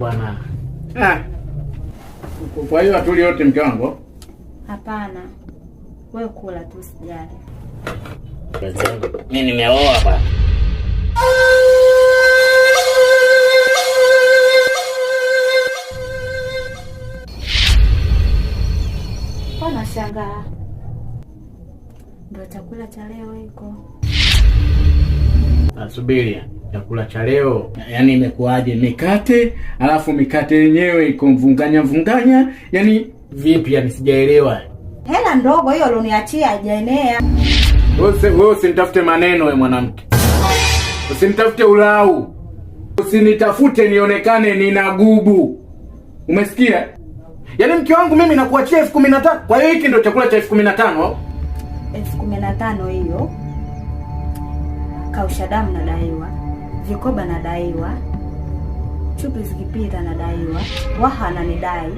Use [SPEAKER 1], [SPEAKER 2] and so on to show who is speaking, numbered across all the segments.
[SPEAKER 1] Bwana.
[SPEAKER 2] Ah. Kwa hiyo atuli yote mke wangu?
[SPEAKER 3] Hapana. Wewe kula tu sijali.
[SPEAKER 1] Wenzangu, mimi nimeoa bwana.
[SPEAKER 3] Bwana shangaa. Ndio chakula cha leo iko.
[SPEAKER 2] Asubiri. Ah, chakula cha leo, yaani imekuwaje? Mikate alafu mikate yenyewe iko mvunganya mvunganya yaani vipi? yani sijaelewa.
[SPEAKER 3] Hela ndogo hiyo aloniachia haijaenea.
[SPEAKER 2] Wewe usinitafute maneno, we mwanamke, usinitafute ulau, usinitafute nionekane nina gubu, umesikia? Yaani mke wangu mimi nakuachia elfu kumi na tano. Kwa hiyo hiki ndio chakula cha elfu kumi na tano
[SPEAKER 3] elfu kumi na tano hiyo nadaiwa vikoba anadaiwa, chupi zikipita anadaiwa, waha ananidai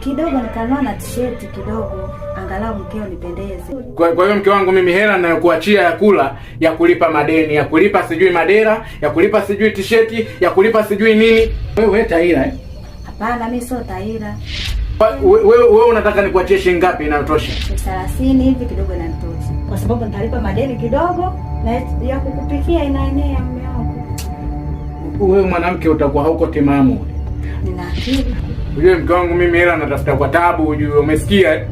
[SPEAKER 3] kidogo, nikanua na t-shirt kidogo, angalau mkeo nipendeze.
[SPEAKER 2] Kwa kwa hiyo mke wangu mimi, hela ninayokuachia ya kula, ya kulipa madeni, ya kulipa sijui madera, ya kulipa sijui t-shirt, ya kulipa sijui nini, wewe taira eh?
[SPEAKER 3] Hapana, mimi sio taira.
[SPEAKER 2] Wewe wewe unataka nikuachie shilingi ngapi inayotosha?
[SPEAKER 3] 30 hivi kidogo inanitosha. Kwa sababu nitalipa madeni kidogo na ya kukupikia inaenea
[SPEAKER 2] wewe mwanamke utakuwa hauko timamu. Ujue mke wangu mimi hela natafuta kwa tabu, ujue umesikia?